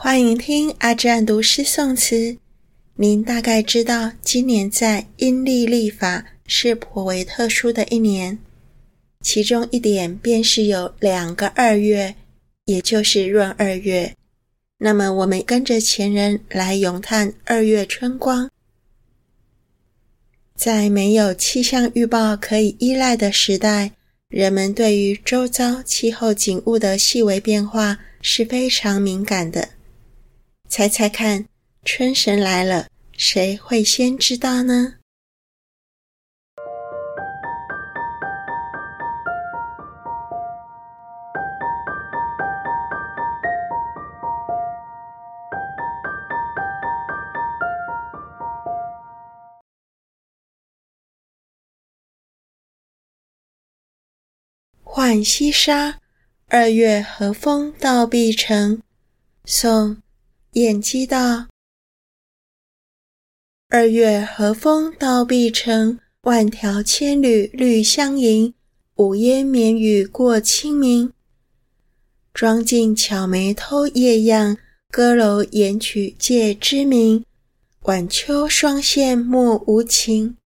歡迎聽阿占讀詩誦詞。您大概知道，今年在陰曆曆法是頗為特殊的一年，其中一點便是有兩個二月，也就是閏二月。那麼，我們跟着前人來詠嘆二月春光。在沒有氣象預報可以依賴的時代，人們對於周遭氣候景物的細微變化是非常敏感的。猜猜看，春神來了，誰會先知道呢？《浣溪沙》二月和風到碧城，宋。晏幾道：二月和風到碧城，萬條千縷綠相迎。舞煙眠雨過清明，妝鏡巧眉偷葉樣。歌樓妍曲借枝名，晚秋霜霰莫無情。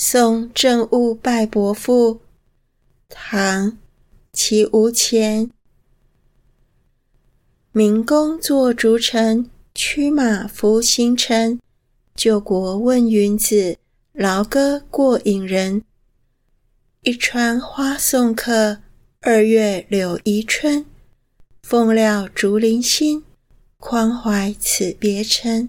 送鄭務拜伯父，唐，綦毋潛。名公作逐臣，驅馬拂行塵。舊國問鄖子，勞歌過郢人。一川花送客，二月柳宜春。奉料竹林興，寬懷此別晨。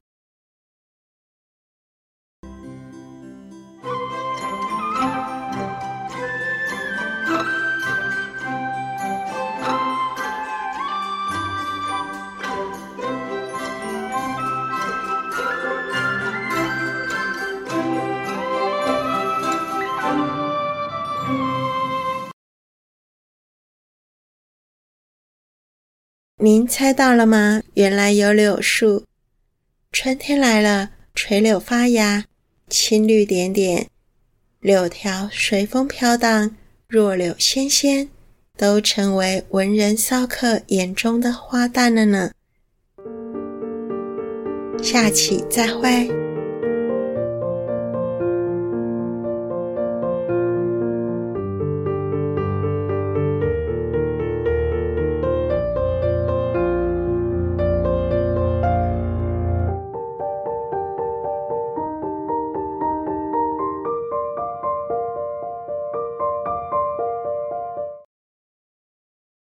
您猜到了嗎？原來有柳樹，春天來了，垂柳發芽，青綠點點，柳條隨風飄蕩，弱柳纖纖，都成為文人騷客眼中的花旦了呢。下期再會。